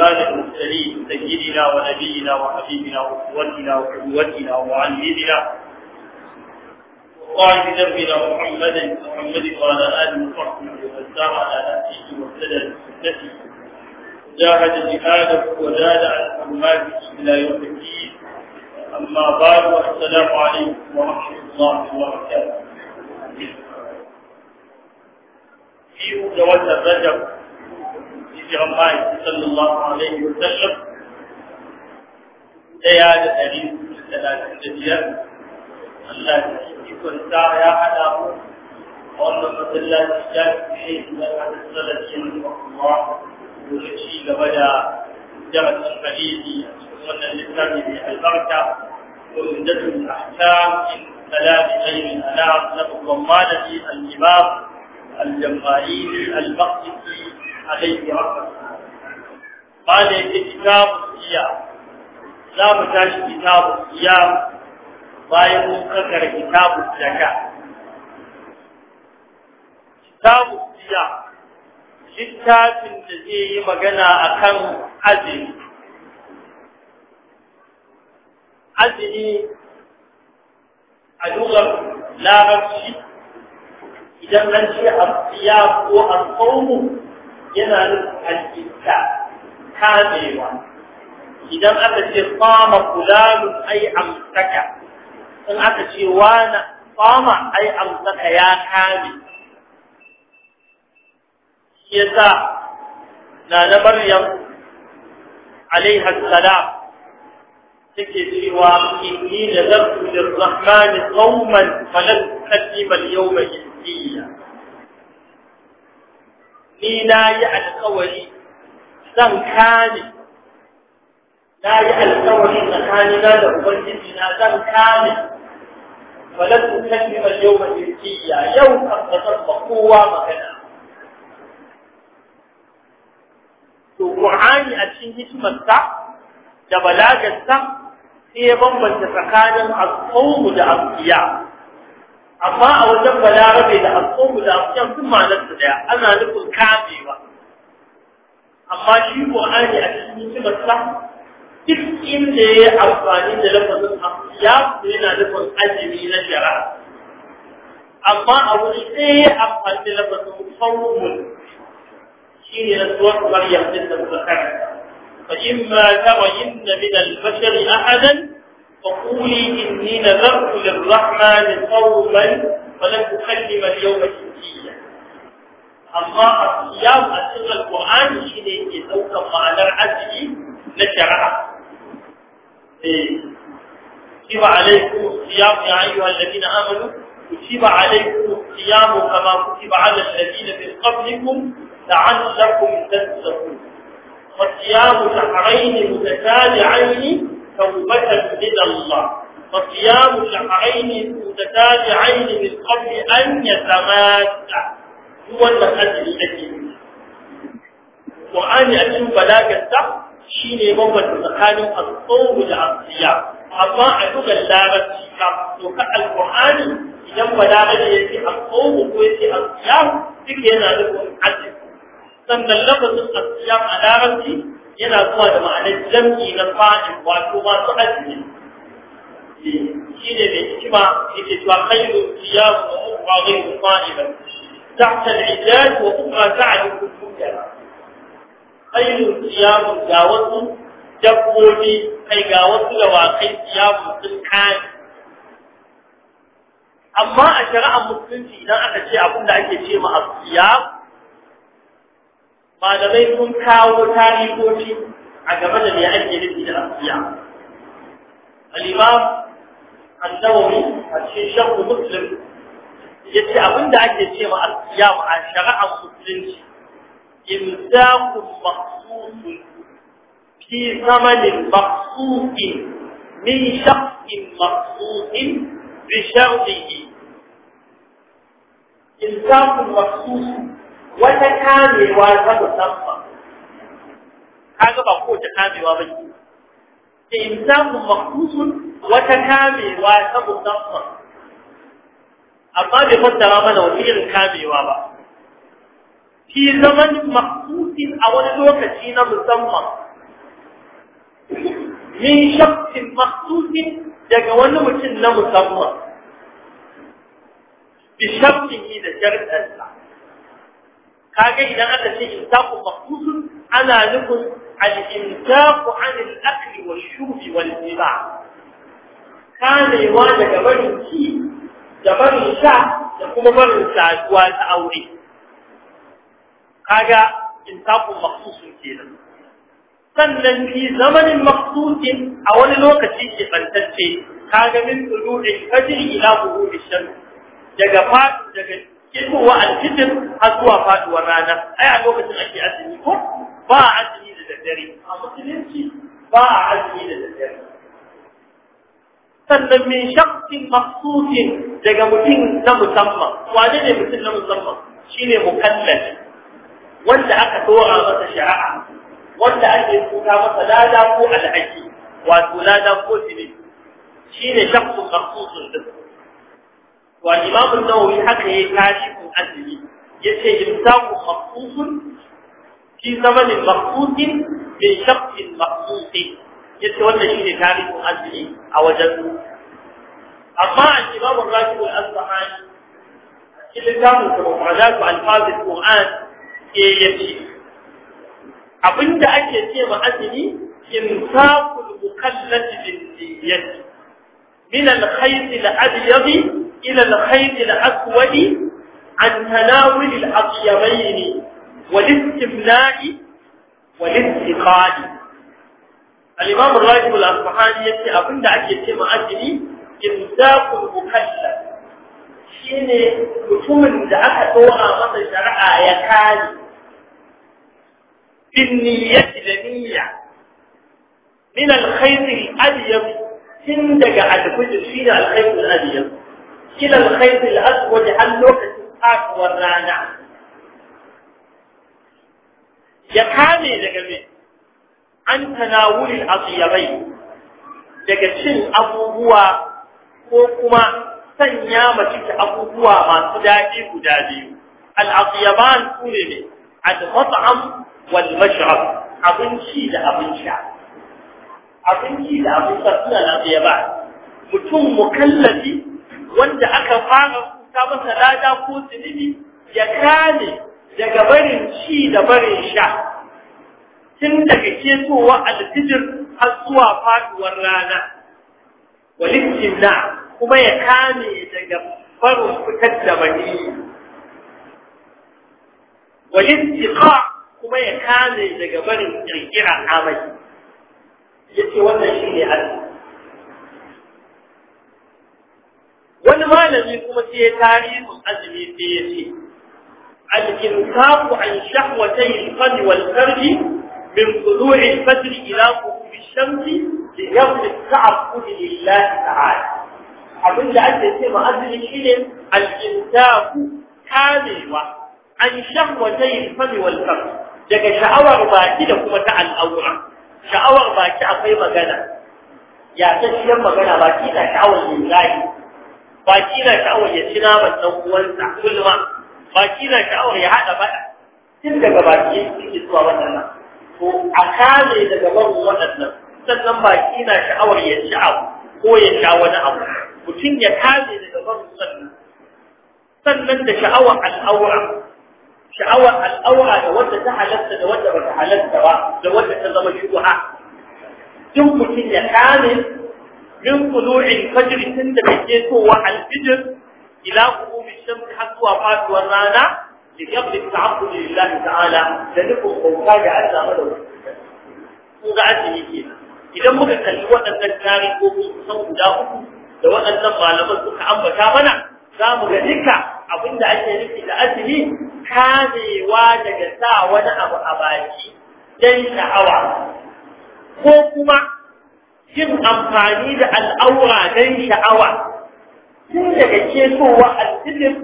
عباد المرسلين سيدنا ونبينا وحبيبنا وقوتنا وقدوتنا ومعلمنا وقال بذنبنا محمدا محمد وعلى آله وصحبه وقد سار على نفسه وابتدى بسنته جاهد جهاده وزاد على حرماته إلى يوم الدين أما بعد والسلام عليكم ورحمة الله وبركاته. في وجه رجب جرمائي صلى الله عليه وسلم ديال أليم ثلاثة جديد الله يكون ساعة يا حلام وأن مثلا كان بحيث لا تحصل دين الله وشيء ولا درس فريدي وأن الإسلام به البركة وعمدة الأحكام إن كلام غير الأنام له الضمانة الإمام الجماعي المقدسي alaihi rahmatullah قال كتاب الصيام za mu tashi kitabu siyam bayan mun kakar kitabu zaka kitabu siyam littafin da zai yi magana akan azumi azumi a lugar idan an ce a ko a yana nufin al'insa kamewa idan aka ce kama fulanun ai amsaka in aka ce wani ai amsaka ya kame shi yasa na na maryam alaiha salam take cewa inni nazartu lirrahmani qauman falan tuqaddima al-yawma insiya ni na yi alkawari zan na yi alkawari tsakanina da ubangiji na zan kame walar kukan nima yau ba yau kan ba ba kowa magana to ƙur'ani a cikin hikimarsa da balagarsa sai ya bambanta tsakanin alƙawu da alƙiya amma a wajen balarabe da al'ummu da abujan sun malarsa daya ana nufin kamewa amma shi ƙwa'ani a cikin hikimarsa duk inda ya yi amfani da lafazin ya fi yana nufin ajimi na shari'a amma a wani sai amfani da lafazin fawun shi ne na suwar maryam din da muka karanta fa in ma tara yin min al-bashari ahadan فقولي إني نذرت للرحمن صوما ولن أكلم اليوم إنسيا الله الصيام أسر القرآن شيء يتوقف على العدل نشرع إيه. كتب عليكم الصيام يا أيها الذين آمنوا كتب عليكم الصيام كما كتب على الذين من قبلكم لعلكم تتقون والصيام شهرين متتابعين توبه الى الله وصيام العين متتابعين من قبل ان يتمادى هو المسجد الحكيم وان يتم بلاغ الصح شيني مبدا مكان الصوم والصيام أما أدوك اللعبة فأدوك القرآن إذا ما لابد يسي الصوم ويسي الصيام فكي أنا أدوك الحجم ثم اللفظ yana zuwa da ma'anar jam'i na fa'il wato masu azumi shi ne mai hikima yake cewa khairu siyamu wa ukra ghayru fa'ilan tahta al-ijaz wa ukra ta'du kulluka khairu siyamu ga wasu dabbobi kai ga wasu dawakai siyamu sun kai amma a shari'ar musulunci idan aka ce abin da ake ce ma asiyam malamai sun kawo tarihoci a game da mai ake nufi da asiya al'imam annawawi a cikin shakku muslim ya ce abinda ake ce ma asiya ma a shari'ar musulunci imsakun maksusun fi zamanin maksusin min shakkin maksusin bi sharɗihi imsakun maksusun wata kamewa ta musamman Ka kaga ba kowace kamewa ba ke da imsamun makusun wata kamewa ta musamman amma bai fassara mana wani irin kamewa ba Ki zaman makusun a wani lokaci na musamman min shakkin makusin daga wani mutum na musamman bi shakkin da sharɗarsa kaga idan aka ce imsaku maqsudun ana nufin al-imsaku an al-akli wal shurbi wal jima' kamewa daga barin ci da barin sha da kuma barin saduwa ta aure kaga imsaku maqsudun kenan sannan fi zamanin maqsudin a wani lokaci ke bantacce kaga min tulu'il fajr ila ghurubi shams daga fat daga fitowa alfijir har zuwa faduwar rana ai a lokacin ake azumi ko ba a azumi da daddare a musulunci ba a azumi da daddare sannan min shakkin maksusin daga mutum na musamman wane ne mutum na musamman shine mukallaf wanda aka tsora masa shari'a wanda ake tuka masa lada ko alhaki wato lada ko tini shine shakkin maksusin din wa imamun nawawi haka yayi tarihin azumi yace imsaku maqsusun fi zamanin maqsusin bi shaqqin maqsusin yace wannan shine tarihin azumi a wajen amma al-imam al-rafi'i al-asbahani cikin zamu ta mu'adatu al-faz al-qur'an ke abinda ake ce azumi imsaku al-mukallaf bin إلى الخيط الأسود عن تناول الأطيبين والاستمناء والاستقال الإمام الراجب الأصبحاني يتي أبن دعك يتي أجلي إمساك المكلف شيني مفهوم دعك هو آمد شرع آيتان بالنية لنية من الخيط الأبيض الأليم عندك عدد فينا الخير الأبيض. Kilar al-khayr al har lokacin faduwar rana ya kame daga me an tana wurin asiyabai daga cin abubuwa ko kuma sanya mace ta abubuwa masu daɗi guda biyu al'asiyaban su ne ne al-mat'am wal mash'ab abinci da abin abinci da abin suna na ba mutum mukallafi wanda aka fara kusa masa lada ko zunubi ya kame daga barin ci da barin sha tun daga ketowa alfijir har zuwa faduwar rana walikin na kuma ya kame daga farin fitar da maniyi walittiqa kuma ya kame daga barin kirkira amai ce wannan shi ne alfijir wani malami kuma sai ya tarihin azumi sai ya ce al-insafu an shahwatay al-fadl wal farji min tulu'i al-fajr ila ghurub ash-shamsi li yabni ta'abbud lillahi ta'ala abin da ake ce ma azumi shine al-insafu kamewa an shahwatay al-fadl wal farji daga sha'awar baki da kuma ta al'aura sha'awar baki akwai magana ya tashiyar magana baki na sha'awar yin baki na sha'awar ya ci naman ɗan uwansa kullum baki na sha'awar ya haɗa faɗa tun daga baki yake zuwa waɗannan to a kame daga barin waɗannan sannan baki na sha'awar ya ci abu ko ya sha wani abu mutum ya kame daga barin sannan sannan da sha'awar al'aura sha'awar al'aura da wanda ta halatta da wanda ba ta halatta ba da wanda ta zama shubha duk mutum ya kame min in fajr tun da kake towa al-fajr ila qurub ash kasuwa har rana, da rana li qabli ta'abbud lillah ta'ala da nufin da bauta ga Allah madawwaci kun ga azumi ke? idan muka kalli waɗannan tarihohi kusan guda uku da waɗannan malaman suka ambata mana za mu ga duka da ake nufi da azumi kamewa daga sa wani abu a baki dan sha'awa ko kuma yin amfani da al'aura don sha'awa tun daga kesowa alfilim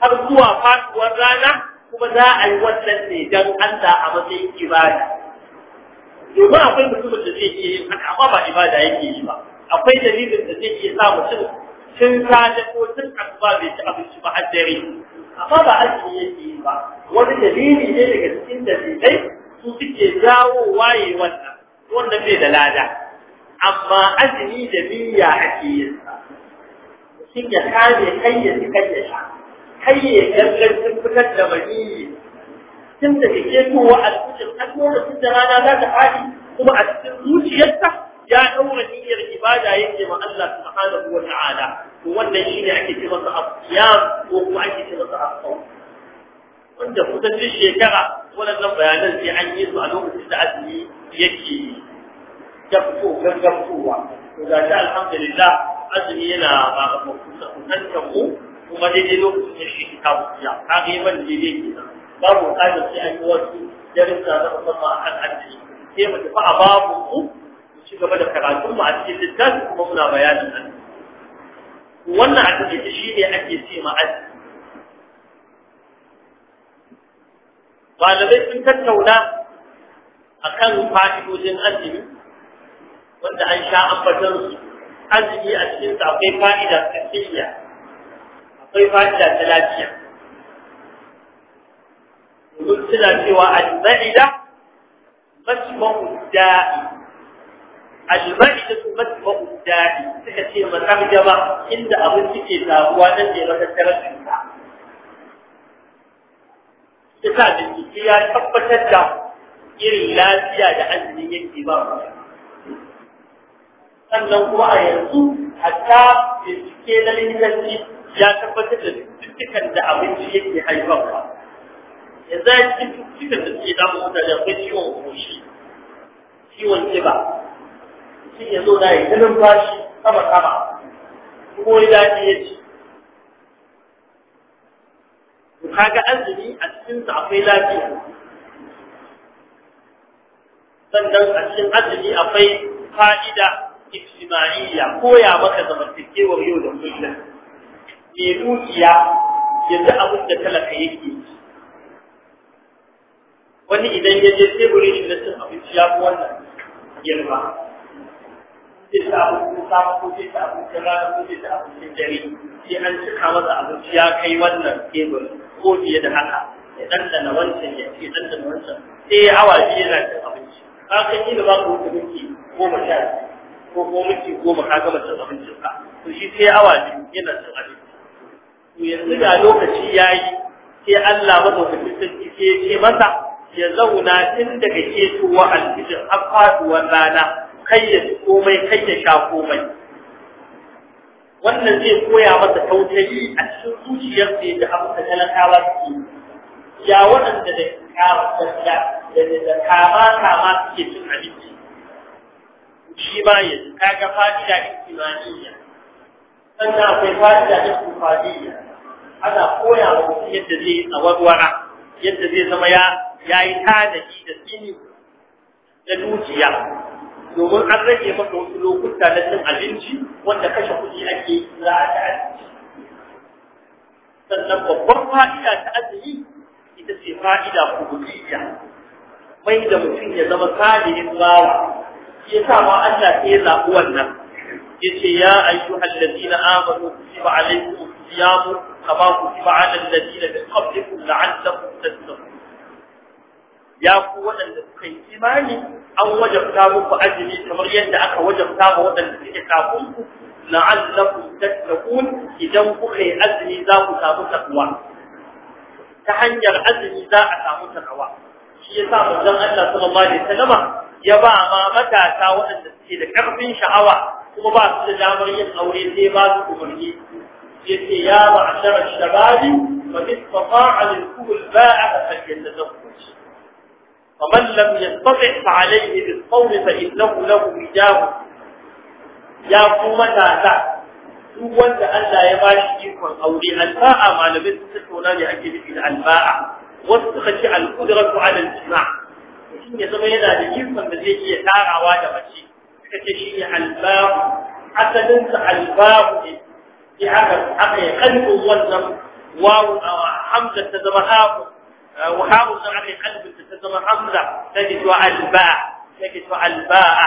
har zuwa faduwar rana kuma za a yi wannan ne don Allah a matsayin ibada. ba akwai mutumin da zai iya yin haka amma ba ibada yake yi ba. Akwai dalilin da zai iya sa mutum tun safe ko tun asuba bai ci abinci ba har dare. Amma ba aiki yake yi ba. Wani dalili ne daga cikin dalilai su suke jawo waye wannan. Wannan bai da lada. amma azumi da niyya ake yin sa shin ya kare kai ya ci kai ya sha kai ya gangan sun fitar da maniyi tun da ke kowa a cikin da lokacin da rana za ta faɗi kuma a cikin zuciyarsa ya ɗaura niyyar ibada yake ma Allah subhanahu wa ta'ala to wannan shine ake ce masa asiyam ko kuma ake ce masa asawm wanda kusan shekara wannan bayanan sai an yi su a lokacin da azumi yake ya fito gangan to da shi alhamdulillah azumi yana ba ga kusa kusantar mu kuma daidai lokacin da shi ta buya ka ga yawan daidai ke nan babu bukatar sai an yi wasu rinka na musamman a kan azumi sai mu tafi a babu ku mu ci gaba da karatun mu a cikin littafi kuma muna bayanin nan wannan a cikin shi ne ake ce ma azumi malamai sun tattauna akan fa'idojin azumi wanda an sha ambatar su azumi a cikin sa akwai fa'ida ta kiyya akwai fa'ida ta lafiya domin suna cewa al-ma'ida masba'u da'i al-ma'ida masba'u da'i suka ce mazarjama inda abin suke zaruwa nan ne matattarar cuta isa da ya tabbatar da irin lafiya da azumin yake ba sannan kuma a yanzu hatta bincike na likitanci ya tabbatar da cututtukan da abinci yake haifarwa yanzu a cikin cututtukan da suke damu su da akwai ciwon koshi ciwon kiba shi ya zo na yi ganin bashi sama sama kuma ya ce ya ci kaga azumi a cikin sa akwai lafiya sannan a cikin azumi akwai fa'ida ijtima'iyya koya maka zamantakewar yau da kullum Me dukiya yanzu abin da talaka yake wani idan ya je teburin shi na cin abinci ya fi wannan girma zai ta abincin samu ko zai ta abincin rana ko zai ta abincin dare sai an cika masa abinci ya kai wannan tebur ko fiye da haka ya ɗanɗana wancan ya ce ɗanɗana wancan sai ya awa biyu yana cin abinci ka kan yi da ba ka wuce minti goma sha biyu ko ko miki goma ka gama cin abincin ka to shi sai awa biyu yana cin abinci to yanzu da lokaci yayi sai Allah madaukakin sarki sai ya ce masa ya zauna tun daga ke alfijir alfijin faduwar rana kai ya komai kai ya sha komai wannan zai koya masa tautayi a cikin zuciyar da ya abu da talakawa suke ya waɗanda da kama da kama kama suke cin abinci shi ma yanzu kaga fa'ida ijtimaiya sannan akwai fa'ida istifadiyya ana koya wa yadda zai yi tsawarwara yadda zai zama ya yayi tanadi da tsini da dukiya domin an rage maka wasu lokuta na cin abinci wanda kashe kuɗi ake za a ta sannan babban fa'ida ta azumi ita ce fa'ida kubudiyya mai da mutum ya zama salihin bawa shi yasa ma Allah ya zabi wannan yace ya ayyuhal ladina amanu kutiba alaykum as-siyam kama kutiba ala alladina min qablikum la'allakum tattaqun ya ku waɗanda suka yi imani an wajabta muku ajini kamar yadda aka wajabta ma waɗanda suke kafin ku la'allakum tattaqun idan kuka yi azumi za ku samu takwa ta hanyar azumi za a samu takawa shi yasa manzon Allah sallallahu alaihi wasallama ya ba ma matasa waɗanda suke da ƙarfin sha'awa kuma ba su da damar yin aure sai ba su umarni ya ce ya ba a sharar shababi ba fi tsafa a lirkuhul ba a kasar da zafuci فمن لم يستطع فعليه بالقول فإنه له حجاب Ya قوم matasa. duk wanda Allah ya bashi ikon aure alfa'a malamai sun tattauna ne ake nufi da alfa'a wasu suka ce al-qudratu 'ala al-jima' mutum ya zama yana da ikon da zai iya tarawa da mace suka ce shi ne albabu asalinsa albabu ne sai aka aka yi kalbin wannan wawu a hamza ta zama hafu wahabu sun aka yi kalbin ta zama hamza ta ke cewa alba'a ta ke cewa alba'a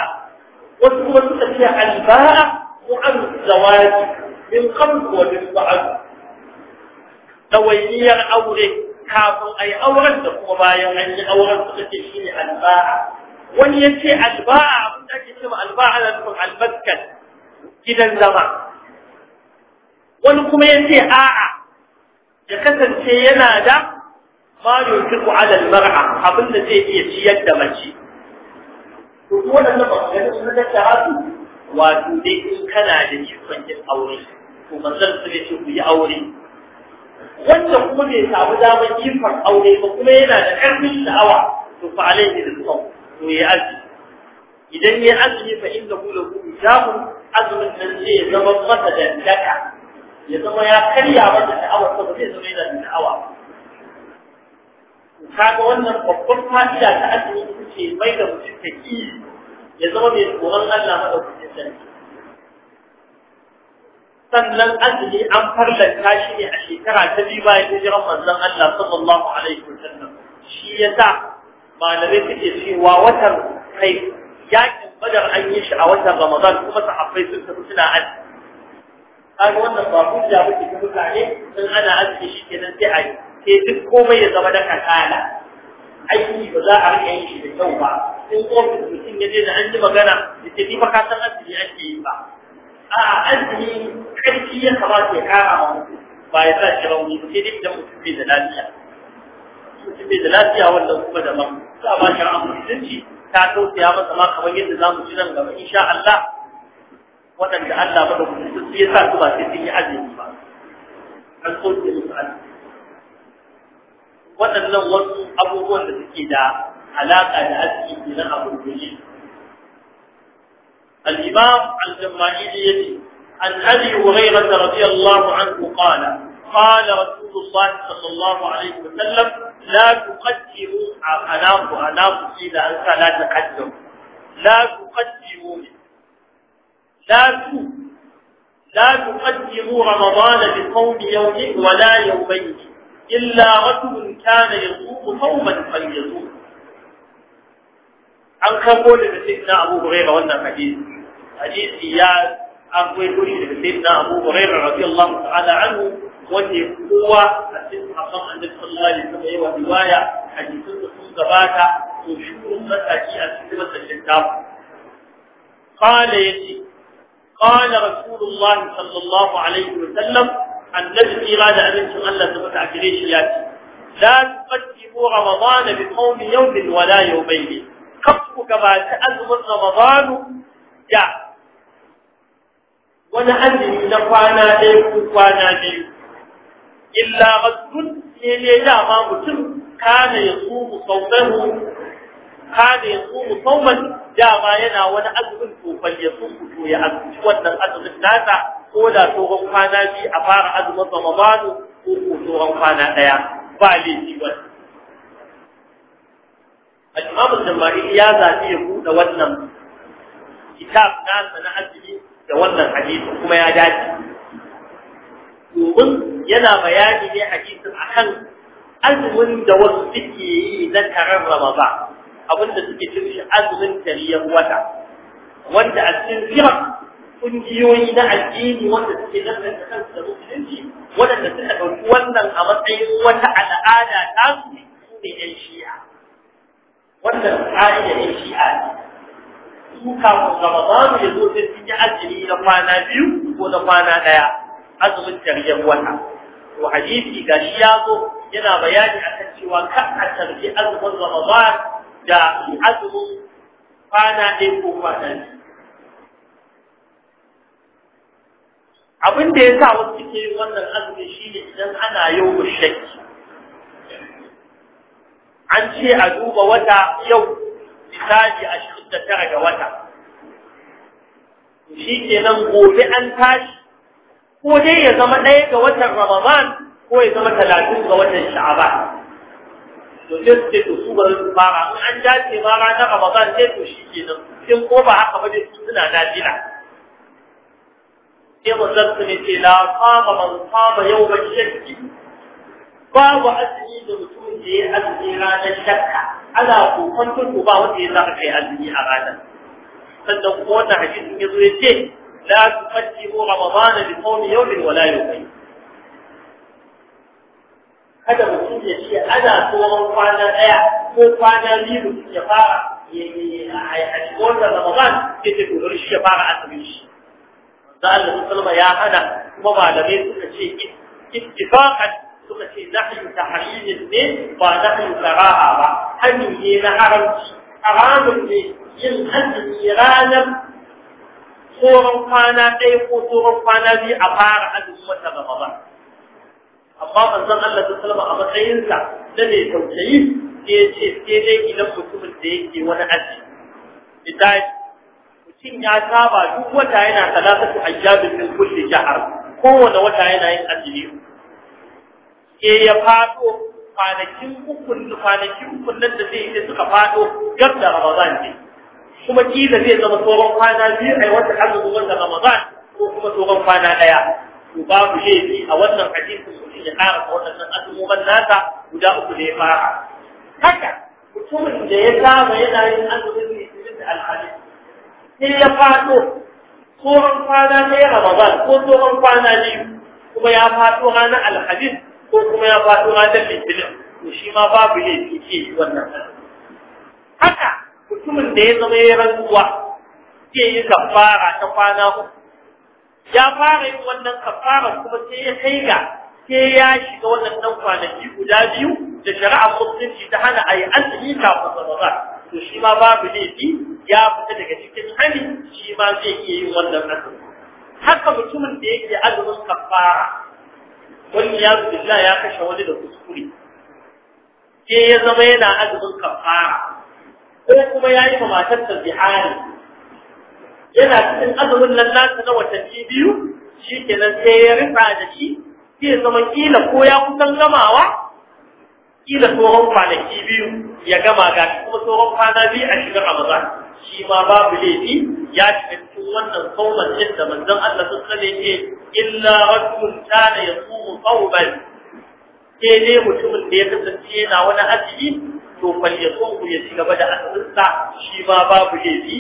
wasu kuma suka ce alba'a mu'an zawaji min kamsu wa min ba'ad ɗawainiyar aure kafin a yi auren da kuma bayan an yi auren suka ce shi ne alba'a wani ya ce alba'a abin da ake cewa alba'a na nufin albaskan gidan zama wani kuma ya ce a'a ya kasance yana da ma yutuku ala almar'a abin da zai iya ciyar da mace to wannan ba ga sun da tsaratu wato dai kana da ikon yin aure to manzon sai ce ku yi aure wanda kuma bai samu damar ikon aure ba kuma yana da ƙarfin sha'awa to fa ne da to ya aji idan ya azumi fa inda kula ku jamun azumin nan zai zama masa da daka ya zama ya karya mata sha'awar sa ba zai zama yana da sha'awa kaga wannan babban fa'ida ta azumi ita ce mai da mutum ta ya zama mai tsoron Allah madaukakin sarki sannan azumi an farla tashi ne a shekara ta biyu bayan hijiran manzon Allah sallallahu alaihi wasallam shi ya yasa malamai suke cewa watan kai yakin badar an yi shi a watan Ramadan kuma sahabbai sun tafi suna aji. kaga wannan ba hujja bace ga mutane in ana azumi shi kenan sai a yi sai duk komai ya zama da kasala aiki ba za a riƙa yin shi da kyau ba in ofis mutum ya je da an ji magana da ce ni ba ka san azumi ake yi ba a azumi karfi ya kamata ya kara ma mutum ba ya sa shi rauni sai dai idan mutum bai da lafiya mutum bai da lafiya wanda kuma da man za a ba shi an ta tausaya masa ma kamar yadda za mu ci nan gaba insha Allah waɗanda Allah ba da mutum sai ya sa su ba sai sun yi azumi ba an so su yi waɗannan wasu abubuwan da suke da alaƙa da aski ke na abin da الإمام الجمائيلي يدي عن أبي هريرة رضي الله عنه قال قال رسول الله صلى الله عليه وسلم لا تقدموا أناف أناف قيل أنت لا تقدم لا تقدموا لا لا تقدموا رمضان بصوم يوم ولا يومين إلا رجل كان يصوم صوما فليصوم an karbo daga sayyidina Abu Hurairah wannan hadisi hadisi ya an kwaito shi daga sayyidina Abu Hurairah radiyallahu ta'ala anhu wanda kowa a cikin sahabban Annabi sallallahu alaihi wasallam yawa riwaya hadisin da sun gabata to shurun mataki a cikin wannan littafi qala yati qala rasulullah sallallahu alaihi wasallam annabi ira da abincin Allah ta fata gare shi ya ce la tuqaddimu ramadana bi qawmi yawmin wala kafku gabaci azumin ramadanu Ya. wani azumi na kwana ɗaya ko kwana biyu illa mazdun ne ne dama mutum kada ya tsumu saunahu kada ya tsumu sauman dama yana wani azumin tofan ya tsumu to ya azumci wannan azumin nasa ko da tsohon kwana biyu a fara azumin ramadanu ko ko tsohon kwana ɗaya ba laifi wani al-imam al-jama'i ya zabi ya buɗe wannan kitab nasa na azumi da wannan hadisi kuma ya dace domin yana bayani ne hadisin akan azumin da wasu suke yi na taron Ramadan abinda suke cin shi azumin tariyar wata wanda a cikin firar kungiyoyi na addini wanda suke lantanta kansu da musulunci waɗanda ɗauki wannan a matsayin wata al'ada ta su ne shi'a wannan ƙa'ida ne shi a su kafin ramadan ya zo sai sun yi azumi na kwana biyu ko na kwana ɗaya azumin tarjiyar wata to hadisi ga shi ya zo yana bayani akan cewa kan a tarji azumin ramadan da azumin kwana ɗaya ko kwana biyu abin da ya sa wasu ke yin wannan azumi shi ne idan ana yau shakki an ce a duba wata yau misali ashirin da tara ga wata shi ke nan gobe an tashi ko dai ya zama ɗaya ga watan ramadan ko ya zama talatin ga watan sha'aba to sai su ce to su bari su fara in an dace ma ranar ramadan sai to shi kenan in ko ba haka ba dai su suna nafila sai manzon su ne ce la qama man qama yawmal shakki babu azumi da mutum da ya azumi ranar shakka ana kokon turku ba wanda ya zaka kai azumi a ranar sannan kuma wannan hadisin ya zo ya ce la tuqaddimu ramadana li sawmi yawmin wala yawmayn kada mutum ya ce ana tsoron kwana daya ko kwana biyu ya fara a cikin ramadan sai ta dogara shi ya fara azumin shi da Allah ya hana kuma malamai suka ce ittifaqan suka ce nahyu tahrimin ne ba nahyu karaha ba hanyu ne na haramci haramun ne yin azumi ranar tsoron kwana ɗaya ko tsoron kwana biyu a fara azumin wata ba. amma manzon Allah ta salama a matsayinsa na mai tausayi sai ce sai dai idan mutumin da yake wani aji idan mutum ya saba duk wata yana talatatu ayyamin min kulli shahr kowane wata yana yin azumi haske ya fado kwanakin ukun kwanakin ukun nan da zai yi suka faɗo gab da Ramadan ne kuma kila zai zama tsoron kwana biyu ai wata azumi wanda Ramadan ko kuma tsoron kwana daya to babu laifi a wannan hadisi sun ya ƙara wannan azumuman nata guda uku ne ya fara haka mutumin da ya saba yana yin azumin litinin da alhamis sai ya faɗo tsoron kwana ɗaya Ramadan ko tsoron kwana biyu kuma ya faɗo ranar alhamis ko kuma ya faɗo ranar litinin to shi ma babu laifi ke yi wannan haka mutumin da ya zama ya rantsuwa ke yi kafara ta kwana uku ya fara yin wannan kafara kuma sai ya kai ga sai ya shiga waɗannan kwanaki guda biyu da shari'a musulunci ta hana a yi azumi kafin ramadan to shi ma babu laifi ya fita daga cikin hali shi ma zai iya yin wannan ɗan haka mutumin da yake azumin kafara wani ya billah ya kashe wani da kuskure ke ya zama yana azumin kafara ko kuma ya yi ma matar ta zihari yana cikin azumin nan nasa na watanni biyu shi nan sai ya rika da shi ke zama kila ko ya kusan gamawa kila tsohon kwanaki biyu ya gama ga kuma tsohon kwana biyu a shigar ramadan shi ma babu laifi ya shiga cikin wannan sauman din da manzon Allah sun sani ce illa rajulun kana yasumu sauban sai dai mutumin da ya kasance yana wani azumi to fal yasumu ya ci gaba da azuminsa shi ma babu laifi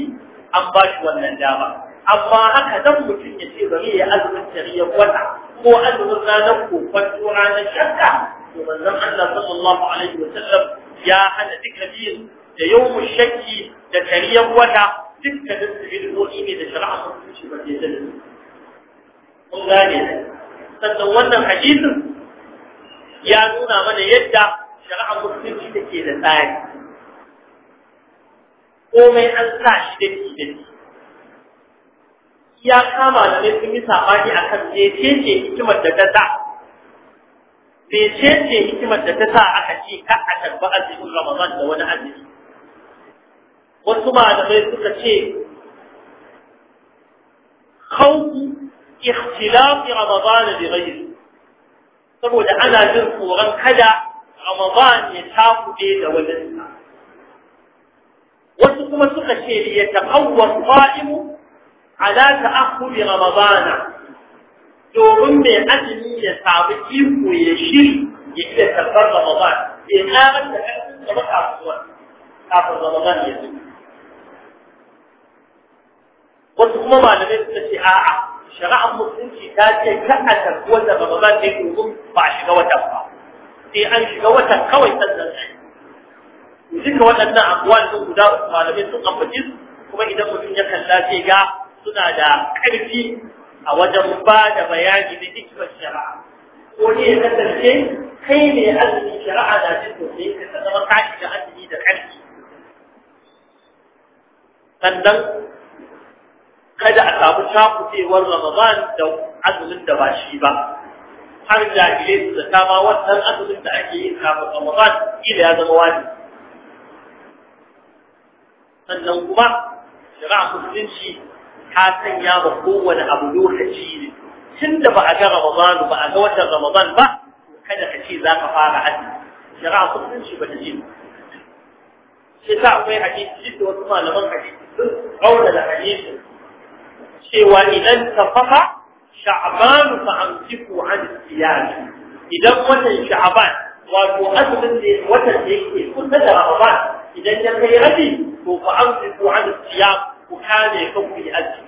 an ba shi wannan dama amma haka dan mutum ya ce bari ya azumin shari'a wata ko azumin ranar kokon ranar shakka to manzon Allah sallallahu alaihi wa sallam ya hana duka biyun da yawon shakki da tariyar wata dukkanin su bid'o'i ne da shari'a sun fice ba ke zane mun gane sannan wannan hadisin ya nuna mana yadda shari'a musulunci take da tsari komai an sa shi da ke da ya kama da ne sun yi sabani a kan mece hikimar da ta sa mecece hikimar da ta sa aka ce ka a karɓi azumin ramadan da wani azumi wasu malamai suka ce khawfu ikhtilafi ramadan bi ghayri saboda ana jin tsoron kada ramadan ya takuɗe da wajen wasu kuma suka ce ya taqawwa qa'imu ala ta'akhkhuri ramadana domin mai azumi ya samu iko ya shiri ya iya karɓar ramadan bai ƙarar da ƙarfin da ba kafin ramadan ya zuba wasu kuma malamai suka ce a'a shari'ar musulunci ta ce kan a tarbi wata ramadan ne domin ba a shiga watan ba sai an shiga watan kawai sannan shi duka waɗannan abuwa da guda malamai sun ambaci kuma idan mutum ya kalla sai ga suna da ƙarfi a wajen ba da bayani na hikimar shari'a ko ne ya kasance kai ne azumi shari'a da jin sosai ka zama kashi da azumi da ƙarfi sannan kada a samu takutewar ramadan da azumin da ba shi ba har jahilai su zata ma wannan azumin da ake yin kafin ramadan kila ya zama wani sannan kuma shari'a musulunci ta sanya ba kowane abu lokaci ne tun da ba a ga ramadan ba a ga watan ramadan ba kada ka ce za ka fara azumi shari'a musulunci ba ta ce sai ta akwai hadisi da wasu malaman hadisi sun kauna da hadisi cewa idan tafafa sha'ban fa amsiku an siyam idan watan sha'ban wato azumin da watan da yake kusa da ramadan idan ya kai aji to fa amsiku an siyam ku kame kanku yi aji.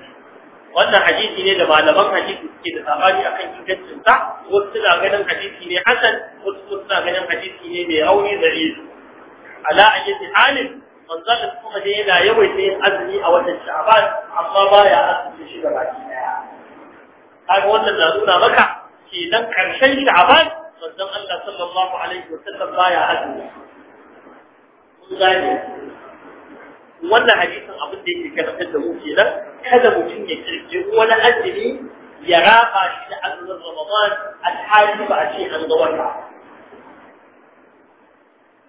wannan hadisi ne da malaman hadisi suke da sabani akan ingancin sa wasu suna ganin hadisi ne hasan wasu suna ganin hadisi ne mai aure da rizu ala ayyati halin manzalin kuma da yana yawaita yin azumi a watan sha'aban amma ba ya azumi shi da baki daya kaga wannan na nuna maka kenan karshen sha'aban manzon Allah sallallahu alaihi wasallam baya azumi kun gane wannan hadisin abin da yake karantar da mu nan, kada mutum ya kirkiri wani azumi ya raba shi da azumin Ramadan alhali ba a ce an ga wata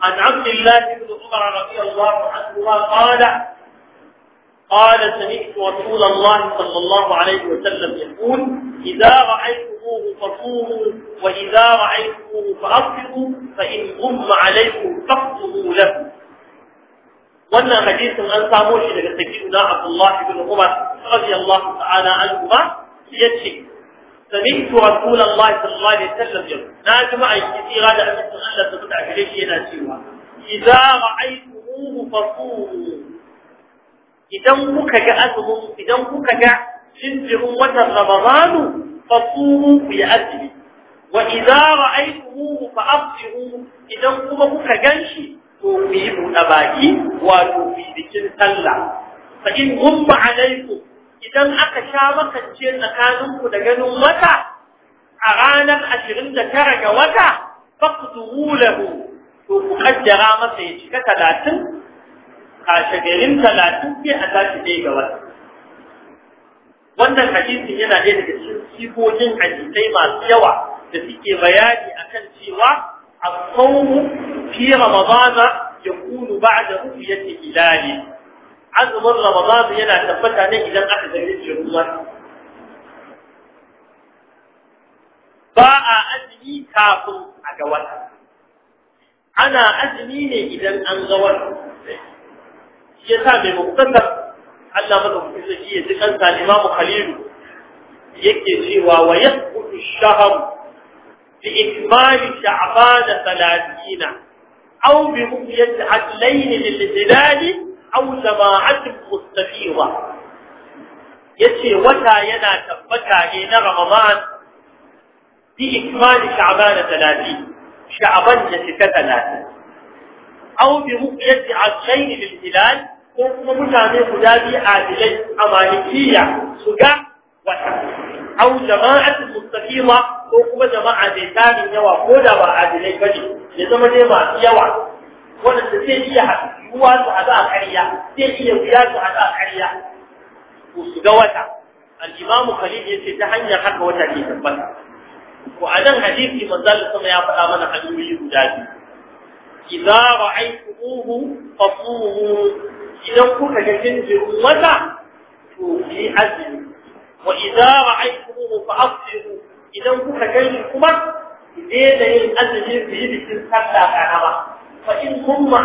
عن عبد الله بن عمر رضي الله عنهما قال قال سمعت رسول الله صلى الله عليه وسلم يقول إذا رأيتموه فصوموا وإذا رأيتموه فأصفقوا فإن غم عليكم فاقتلوا له wannan حديث an samo shi عبد الله بن عمر رضي الله تعالى عنهما yace سمعت رسول الله صلى الله عليه وسلم يقول ناجم أي كثير هذا أمس أن لا تبدع كليش يناسيها إذا رأيتموه فصوموا إذا كك أزموا إذا كك شنفهم وتر رمضان فصوموا في أزمه وإذا رأيتموه فأفضعوا إذا كك جنشي توفيه أباكي وتوفيه بكل سلة فإن هم عليكم idan aka sha makance tsakaninku da ganin wata a ranar ashirin da tara ga wata faqtuhu lahu to ku kaddara masa ya cika talatin a shagarin talatin sai a tashi ɗaya ga wata wannan hadisin yana ɗaya daga cikin sifofin hadisai masu yawa da suke bayani akan cewa a fi ramadana yakunu da ru'yati ilali azumin ramadan yana tabbata ne idan aka zai shi ruwa ba a azumi kafin a ga wata ana azumi ne idan an ga wata shi yasa mai muktasar Allah madaukakin sarki ya ji kansa Imam Khalilu yake cewa wa yasqutu ash-shahr bi ikmal sha'ban 30 aw bi mu'yat adlayn lil-hilal aulama ajin mustafiwa yace wata yana tabbata ne na ramadan bi ikmali sha'ban 30 sha'ban da ta 30 aw bi ru'yati ashayn lil ko kuma mutane guda bi adilai amalikiya su ga wata aw jama'at mustafiwa ko kuma jama'a da tari yawa ko da ba adilai bane ya zama dai ma yawa waɗanda zai iya haɗuwa su haɗu a ƙarya zai iya wuya su haɗu a ƙarya ko su ga wata al'imamu khalil ya ce ta hanyar haka wata ke tabbata ko a nan hadisi manzal sama ya faɗa mana hanyoyi guda biyu idza ra'aytumuhu fasumu idan kuka ga jinjirin wata to yi azumi wa idza ra'aytumuhu fa'afsiru idan kuka ga kuma ku daina yin azumi ku yi bikin sallah karama fa in humma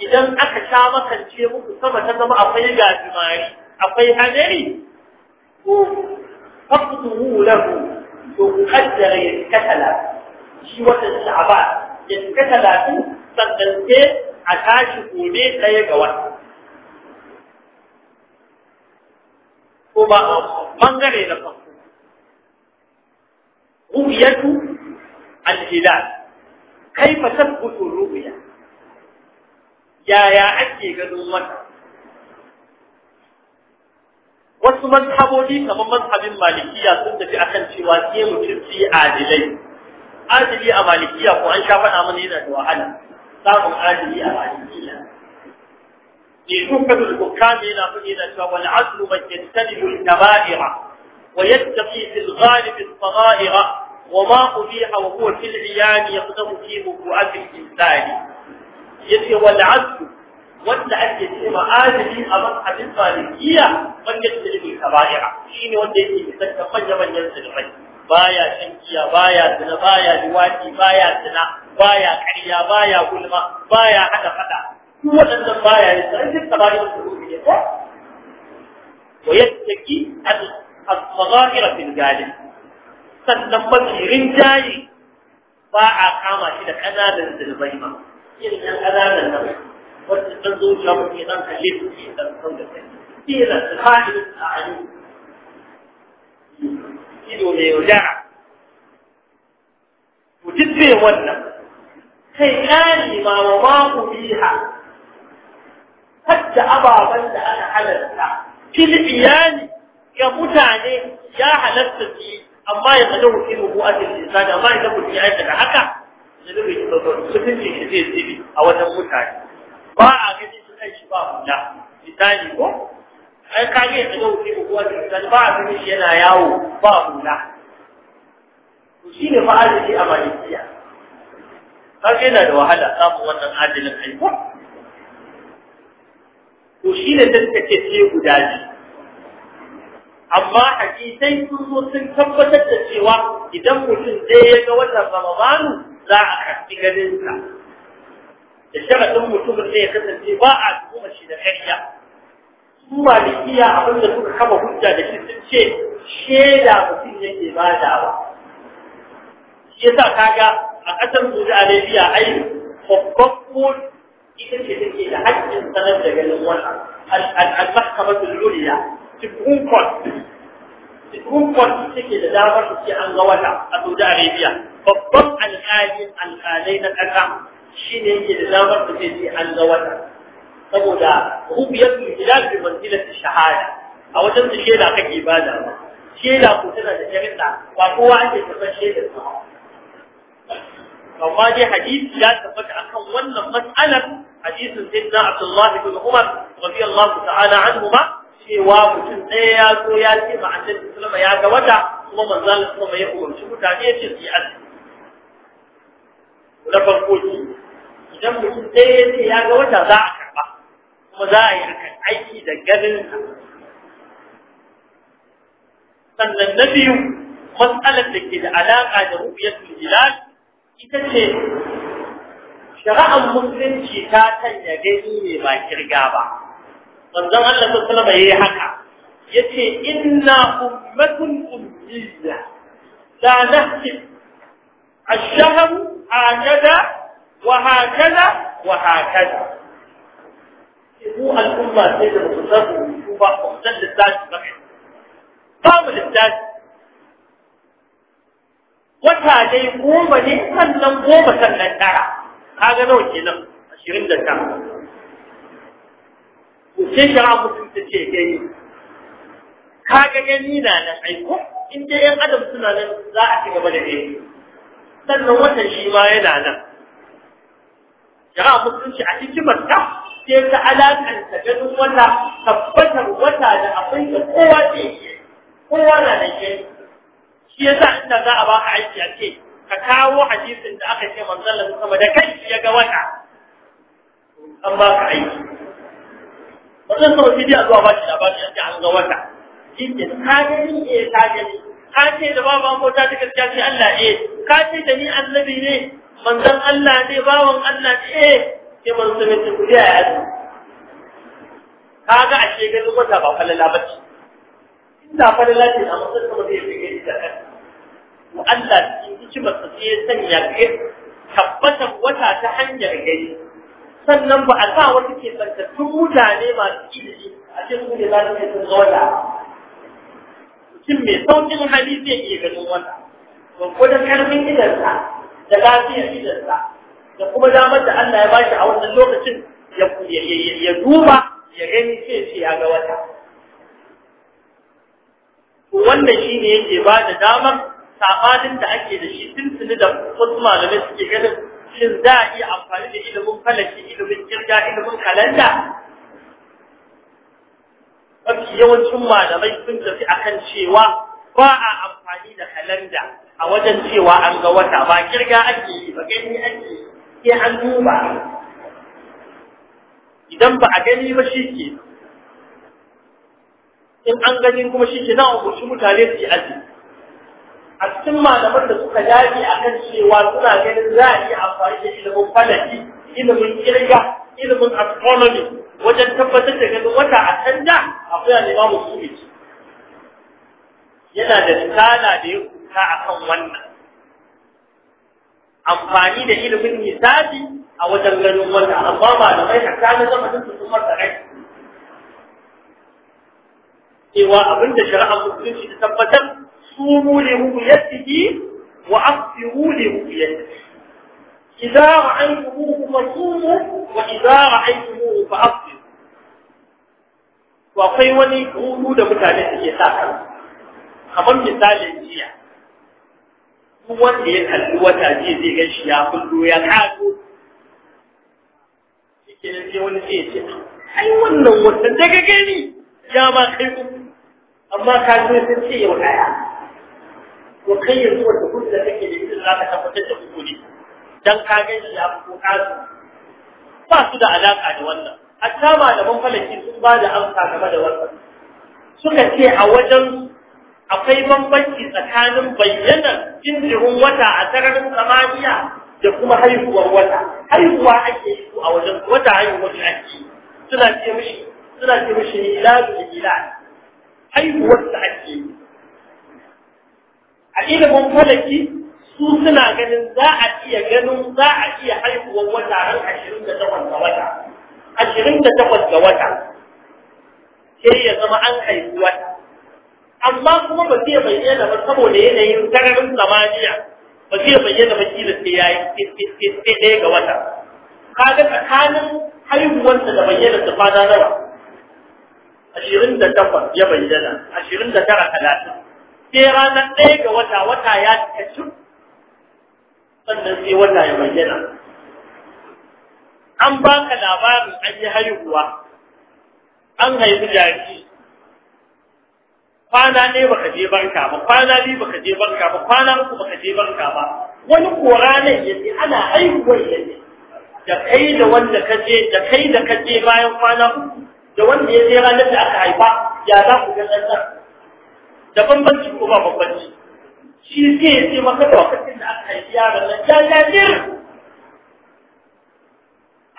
idan aka sha makance muku sama ta zama akwai gajimari akwai hadari ko faqtuhu lahu to qaddara yaskatala shi wata sha'aba yaskatala su sannan a tashi gobe ɗaya ga wata ko ba bangare na farko ru'yatu al-hilal kai تثبت الرؤيا يا يا أكي قدوم وتا wasu mazhabobi kamar mazhabin malikiya sun tafi akan cewa sai mutum sai adilai adili a malikiya ko an shafa faɗa mana yana da wahala samun adili a malikiya يشوف الحكام إلى da والعدل من يجتنب الكبائر ويتقي في الغالب الصغائر وما أبيح وهو في العيان يقدم في مبوعات الإنسان يدعي والعبد wanda ake cewa adali a mazhabin malikiya wanda yake da kaba'ira ne wanda yake misalta manyan manyan zunubai baya shan giya baya zina baya liwati baya zina baya ƙarya baya gulma baya hada fada duk waɗannan baya ne sai duk kaba'ira su ne ko wa sannan mafi rinjaye ba a kama shi da ƙananan zirbai ma irin yan ƙananan nan wacce ɗan zuciya mutum ya ɗan kalle su ke ɗan son da kai ƙila su fa'in a hannu ido mai yaudara mutum bai wannan kai ƙari ma wa maku biha hatta ababen da aka halarta fil iyali ga mutane ya halarta su amma ya tsada wuce ko a cikin da amma da mutum ya da haka da zai yi tsoro cikin shi zai tsibi a wajen mutane ba a gani su kai shi ba hula misali ko ai ka ga tsada wuce rubu a cikin lisan ba a gani shi yana yawo ba hula to shi ne fa adalci a malikiya kaga yana da wahala samun wannan adalin kai to shi ne da take ce guda biyu amma hadisai sun zo sun tabbatar da cewa idan mutum zai ya ga wannan ramadanu za a karɓi ganinsa da sharaɗin mutumin ya kasance ba a tuhuma shi da ƙarya su malikiya abin da suka kama hujja da shi sun ce shaida mutum yake badawa shi yasa kaga a ƙasar Saudi Arabia ai babban kotu ita ce take da haƙƙin sanar da ganin wannan al-mahkamatul uliya cikin kwan cikin kwan take da damar su ce an ga wata a Saudi Arabia babban alkalin alkalai na ƙasa shine yake da damar su ce an ga wata saboda rubiyatul hilal bi manzilati shahada a wajen su sheda kake bada ba sheda ko tana da shari'a ba kowa ake karɓar shedar ba amma dai hadisi ya tabbata akan wannan mas'alar hadisin sayyidina Abdullahi bin Umar radiyallahu ta'ala anhuma cewa mutum ɗaya ya zo ya ce ma annabi sulama ya ga wata kuma manzo Allah kuma ya umarci mutane ya ce su yi azumi na farko ne, idan mutum ɗaya ya ce ya ga wata za a karɓa kuma za a yi akan aiki da ganin sannan na biyu matsalar da ke da alaƙa da rubiyar hilal ita ce shari'ar musulunci ta tanya gani ne ba kirga ba manzon Allah sallallahu alaihi yi haka Ya yace inna ummatun ummiyya la nahsib الشهر هكذا وهكذا وهكذا mu al'umma sai da mu san su ba mu san da zaki ba ba mu da zaki wata dai goma ne sannan goma sannan tara kaga nawa kenan ashirin da tara sai shara mutum ta ce gani ka ga gani na nan aiko in dai yan adam suna nan za a ci gaba da gani sannan watan shi ma yana nan shara mutum shi a cikin marta? Ke ta alakanta ganin wata tabbatar wata da abin da kowa ce kowa na da gani shi yasa inda za a ba a aiki a ce ka kawo hadisin da aka ce manzon Allah sama da kai ya ga wata an ba ka aiki wannan kawai sai a zuwa ba shi labari an ce an ga wata shi ke ka gani eh ka gani ka ce da baban mota ta gaskiya sai Allah eh ka ce da ni annabi ne manzon Allah ne bawan Allah ne eh sai manzon sai ce ku ya yi ga a ce ganin wata ba falala ba ce inda falala ce a matsayin sama da zai fi gani da kai wa Allah cikin hikimar sa sai ya sanya kai tabbatar wata ta hanyar gani sannan ba a sa wasu ke tsantattun mutane masu ilimi a cikin su ne za su sun zauna mutum mai saukin hali zai iya ganin wata da karfin idansa da lafiyar idansa da kuma damar da Allah ya ba shi a wannan lokacin ya duba ya gani ce ce ya ga wata wannan shi ne yake ba da damar sabanin da ake da shi tun tuntuni da wasu malamai suke ganin shin za a iya amfani da ilimin falashi, ilimin kirga ilimin kalanda mafi yawancin malamai sun tafi akan cewa ba a amfani da kalanda a wajen cewa an ga wata ba kirga ake yi ba gani ake yi sai an duba idan ba a gani ba shi ke in an gani kuma shi ke nawa umarci mutane su yi azumi cikin malaman da suka dage kan cewa suna ganin za a iya amfani da ilimin falaki ilimin kirga ilimin astronomy wajen tabbatar da ganin wata a can da akwai al'imamu sumici yana da misala da ya kuka a kan wannan amfani da ilimin nisafi a wajen ganin wata amma ba mai hatta na zama duk su kuma da rai cewa abin da shari'a musulunci ta tabbatar صوموا لرؤيته وأفطروا لرؤيته إذا رأيتموه فصوموا وإذا رأيتموه فأفطروا وأقوي وني قولوا لمتابعة يساكر kamar misalin jiya duk wanda ya kalli wata jiya zai gan shi ya kullo ya kago shi ke sai wani sai ce ai wannan wata daga gani ya ma kai uku amma ka zo sun ce yau daya to kai yanzu wanda kuɗi da kake da irin za ka tabbatar da kuɗi dan ka gan shi a ko kasu ba su da alaka da wannan hatta malaman falaki sun ba da amsa game da wannan suka ce a wajen akwai bambanci tsakanin bayyana jinjirin wata a sararin samaniya da kuma haihuwar wata haihuwa ake yi a wajen wata haihuwar da ake suna ce mishi suna ce mishi ilalu da ilal haihuwar da ake yi a ilimin falaki su suna ganin za a iya ganin za a iya haihuwar wata ran ashirin da takwas ga wata ashirin da takwas ga wata sai ya zama an haifi wata amma kuma ba zai bayyana ba saboda yanayin sararin samaniya ba zai bayyana ba kila sai ya yi sai ɗaya ga wata kaga tsakanin haihuwarsa da bayyana da fada nawa ashirin da takwas ya bayyana ashirin da tara talatin sai ranar ɗaya ga wata wata ya cika cin sannan sai wata ya bayyana an ba ka labarin an yi haihuwa an haifi jariri kwana ne baka je banka ba kwana biyu baka je banka ba kwana uku baka je banka ba wani kora ne ce ana haihuwar yace da kai da wanda ka je da kai da ka je bayan kwana uku da wanda ya je ranar da aka haifa ya za ku ga ɗan da bambanci ko ba bambanci shi zai yi maka da wakacin da aka haifi yaron nan ya jajir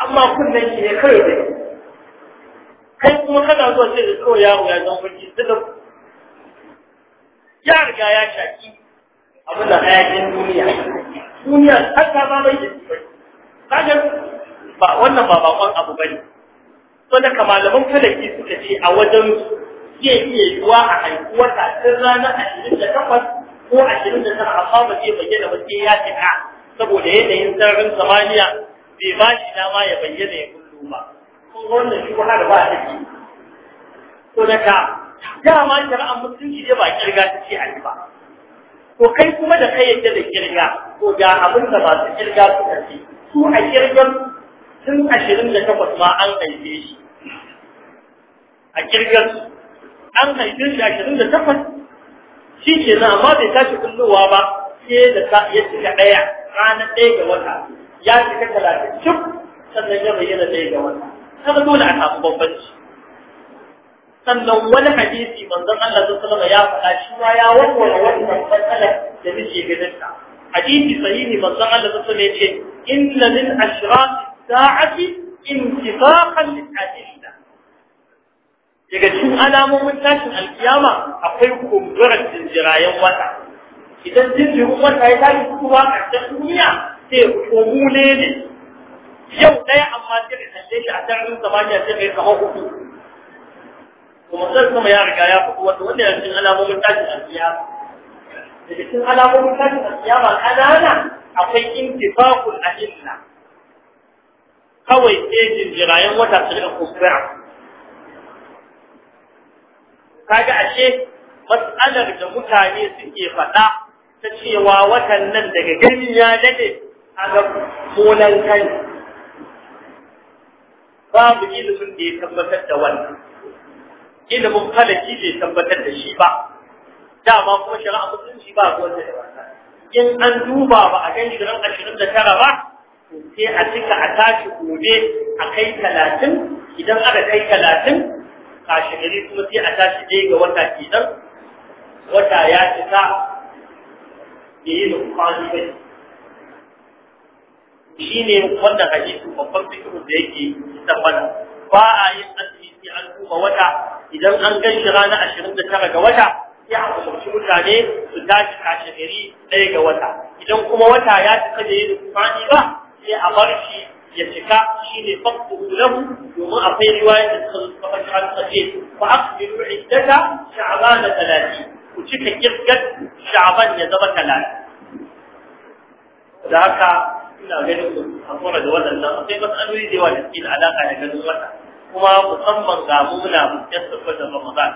amma kunnen shi ne kawai da kai kuma kana zuwa sai da kawai yaro ya zama baki zilin ya riga ya shaki abin da hayakin duniya duniya har ta ba mai da shi bai kaga ba wannan ba bakon abu bane wanda kamalaman falaki suka ce a wajen su zai iya yiwuwa a haiku ta tun rana ashirin da takwas ko ashirin da tara amma ba zai bayyana ba sai ya shiga saboda yanayin sararin samaniya bai ba shi dama ya bayyana ya kullu ba kun wannan shi har ba ta ke to daga dama shari'ar musulunci dai ba kirga ta ce ayi ba to kai kuma da kai yadda da kirga ko ga abin da masu kirga suka ce su a kirgar tun ashirin da takwas ma an haife shi a kirgan an haife shi ashirin da takwas shi ke nan amma bai tashi kullowa ba sai da ta iya cika ɗaya ranar ɗaya ga wata ya cika talatin cif sannan ya bayyana ɗaya ga wata kaga dole a samu bambanci sannan wani hadisi manzon Allah sallallahu alaihi ya faɗa shi ma ya warware wannan matsalar da nake ganin ta hadisi sahihi manzon Allah sallallahu alaihi ya ce inna min ashraq sa'ati intifaqan lil hadisi daga cikin alamomin tashin alkiyama akwai kumburar jinjirayen wata idan jinjirin wata ya tashi kuma ƙarshen duniya sai kumule ne yau ɗaya amma sai ka kalle shi a tarihin samaniya sai ka yi kamar hudu kuma zan sama ya riga ya faɗi wata wanda ya cikin alamomin tashin alkiyama daga cikin alamomin tashin alkiyama ƙanana akwai intifakul ahilla kawai sai jinjirayen wata su riƙa kumburar kaga ashe matsalar da mutane suke faɗa ta cewa watan nan daga gani ya dade a ga molan kai babu ilimin da ya tabbatar da wannan ilimin falaki bai tabbatar da shi ba dama kuma shari'a musulunci ba wanda da wannan in an duba ba a kan shirin ashirin da tara ba sai a cika a tashi gobe a kai talatin idan aka kai talatin kashi gari kuma sai a tashi dai ga wata ke nan, wata ya cika da yin kwanu bai shi ne wannan hadisi babban fikirin da yake tabbata ba a yin azumi sai an kuma wata idan an gan shi ranar ashirin da tara ga wata sai a umarci mutane su tashi kashi gari ɗaya ga wata idan kuma wata ya cika da yin kwanu ba sai a bar shi ya cika shi ne fakku lahu domin akwai riwayar da suka عن صحيح فأقبل عدة شعبان ثلاثين وشك يسجد شعبان يزم ثلاثين ذاك ina ganin su hakura da waɗannan akwai matsaloli da yawa da suke da alaƙa da ganin kuma musamman ga mu muna mutar da Ramadan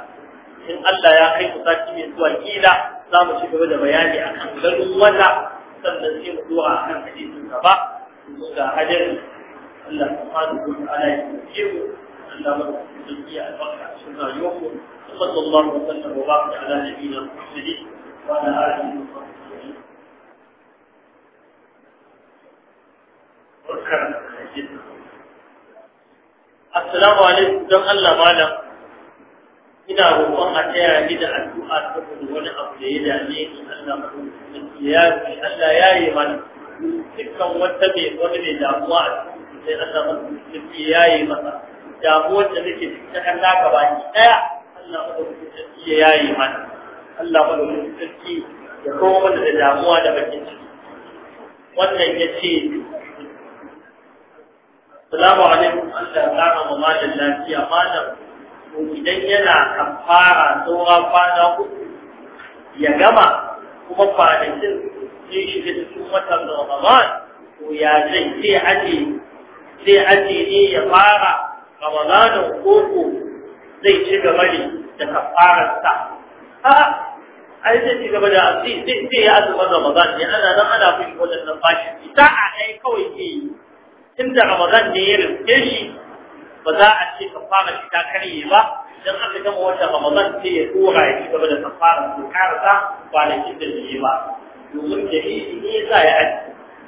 in Allah ya kai mu sati mai zuwa kila za mu ci gaba da bayani akan ganin wata sannan sai mu zuwa akan hadisin gaba ga hadisin Allah subhanahu wa ta'ala ya tsare الله ورحمه الله البركه شكرا يومكم وصلى الله وسلم وبارك على نبينا محمد وعلى اله وصحبه اجمعين. Assalamu alaikum don Allah malam ina roƙon a taya ni da addu'a saboda wani abu da ya dame ni Allah madaukakin ya yi Allah ya yi mana dukkan wata mai wani mai damuwa a cikin sai Allah madaukakin ya yi masa damuwar da nake ta kan naka baki ni daya Allah madaukakin sarki ya yayi mana Allah madaukakin sarki ya kawo mana da damuwa da bakin ciki wannan ya ce Salamu alaikum Allah ya kara ma malam lafiya malam idan yana kan fara tsohon kwana uku ya gama kuma kwanakin sun shiga cikin watan Ramadan to ya zai sai aje sai aje ne ya fara ramadanin koko zai ci gaba ne da kafararsa a ai zai ci gaba da zai zai yi azuma ramadan ne ana nan ana bin wadannan bashi ita a ai kawai ke yi tunda ramadan ne ya rinke shi ba za a ce kafara shi ta karye ba dan aka gama wata ramadan sai ya tura ya ci gaba da kafara su karasa kwanakin da yi ba domin da shi ne ya sa ya aji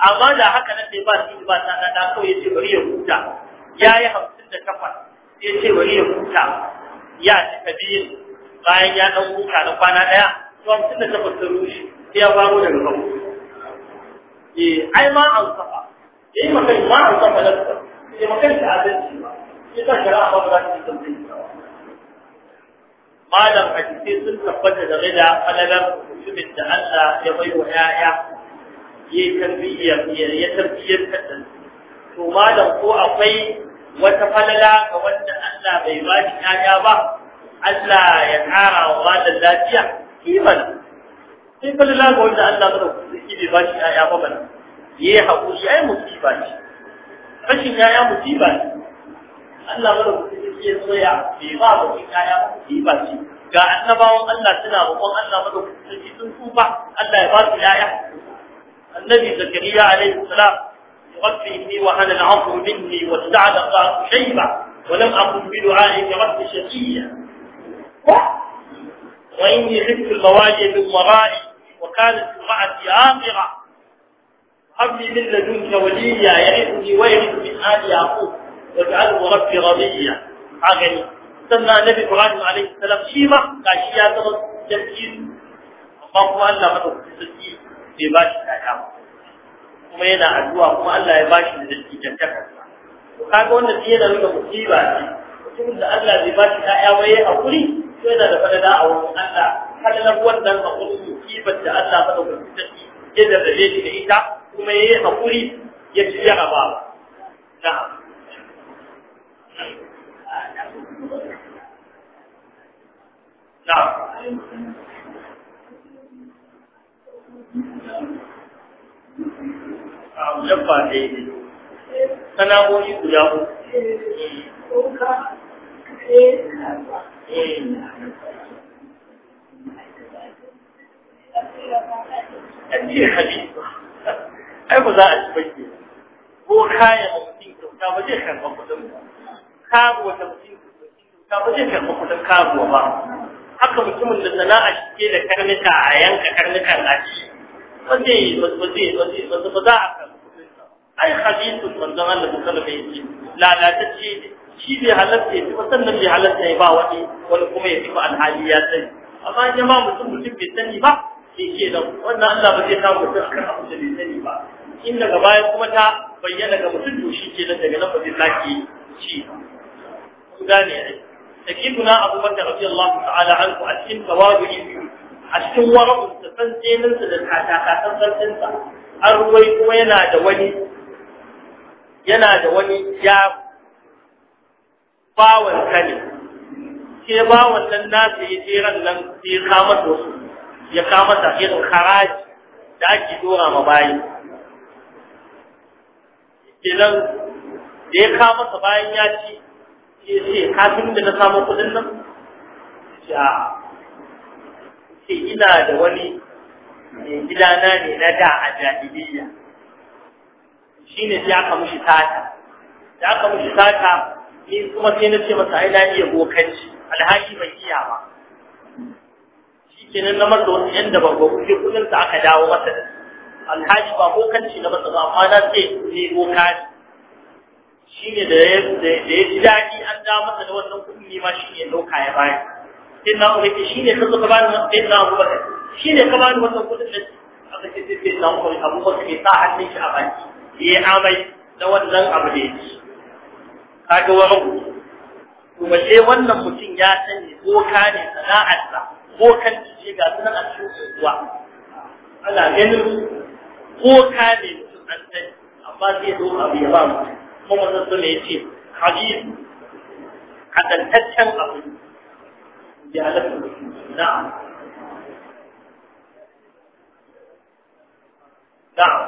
amma da haka nan sai ba shi ba ta da kawai ya ce bari ya huta ya yi sai ce bari ya huta ya ci kabiyin bayan ya dan huta na kwana ɗaya, to hamsin da takwas sun rushe sai ya faro daga farko eh ai ma an safa eh makai ma an safa da sai makai ta adalci ba sai ta shara ba ba ta tambaye malam hadisi sun tabbata da rida falalar mutumin da Allah ya bai wa yaya ya tarbiyya ya tarbiyyar da to malam ko akwai wata falala ga wanda Allah bai ba shi ƴaƴa ba Allah ya ƙara wa malam lafiya kiman sai falala ga wanda Allah ba da kuɗi bai ba shi ƴaƴa ba ba ya yi haƙuri ai musiba ce rashin ƴaƴa musiba ne Allah ba da kuɗi ke soya bai ba ba shi ƴaƴa ba musiba ce ga annabawan Allah suna roƙon Allah ba da kuɗi sun tuba Allah ya ba su ƴaƴa annabi zakariya alaihi salam ربي وهن العظم مني واستعلق شيبة ولم أقم بدعائك رب شقيا وإني خفت الموالي من ورائي وكانت امرأتي عاقرة هب لي من لدنك وليا يعظني ويعظ من آل يعقوب واجعله ربي رضيا عقلي سمى النبي إبراهيم عليه السلام شيبة قال شيئا تغسل الله الله قد في باشا يا رب kuma yana addu'a kuma Allah ya bashi da dattijan to kaga wanda sai yana rubuta musiba ce mutumin da Allah ba bashi ƴaƴa ba yayi hakuri to yana da fadada a wurin Allah na wannan hakurin musibar da Allah ba da kusanci ya da shi da ita kuma yayi hakuri ya ci ba. Na. Na. a mujabba ɗaya ne sana'o'i guda uku eh. Ajiyar Habibu, ai ba za a ci bakke, ko kayan mutum kyauta ba zai karɓar kuɗin ba, karuwa da mutum kyauta ba zai karɓar kuɗin karuwa ba, haka mutumin da sana'a shi ke da karnuka a yanka karnukan a ci ba zai ba zai ba za a kan ai hadisin manzon Allah sallallahu alaihi wasallam lalatacce ne shi bai ba sannan bai ba wani wani kuma ya tafi alhali ya sani amma in ma mutum mutum ba da wannan Allah ba zai kawo ba in baya kuma ta bayyana ga mutum to shi ke nan daga nan ba zai ci ku gane ai sakibuna eh. abubakar radiyallahu ta'ala anhu a cikin tawadu'i a cikin wara'un ta san jininsa da katakatan sarkinsa an ruwai kuma yana da wani yana da wani ya bawan ka ne ke bawan nan nasa ya je ran nan sai ya kama da wasu ya kama da irin haraji da ake dora ma bayi kenan da ya kama sa bayan ya ci ya ce kafin da na samu kuɗin nan ya ce ina da wani mai gidana ne na da a jahiliya shi ne sai aka mushi tata da aka mushi tata ni kuma sai na ce masa ai na iya bokanci alhali ban iya ba shi nan na masa wasu yan da babba kuke kudin sa aka dawo masa da Alhaji ba bokanci na masa ba amma na ce ni bokanci shi ne da ya ji daɗi an dawo masa da wannan kuɗi ma shi ne ɗauka ya bayan sai na umar shi ne sun zuba bani sai na abubakar shi ne ka bani wannan kudin da aka ce sai na umar abubakar ke sa hannun shi a baki ya yi amai na wannan abu da ya ci kaga wani gudu to balle wannan mutum ya sani boka ne sana'arsa bokan ce ga sunan a cikin unguwa ana ganin boka ne mutum an sani amma zai zo abu ya ba mu kuma zan so ya ce hadis kadantaccen abu جهلته نعم نعم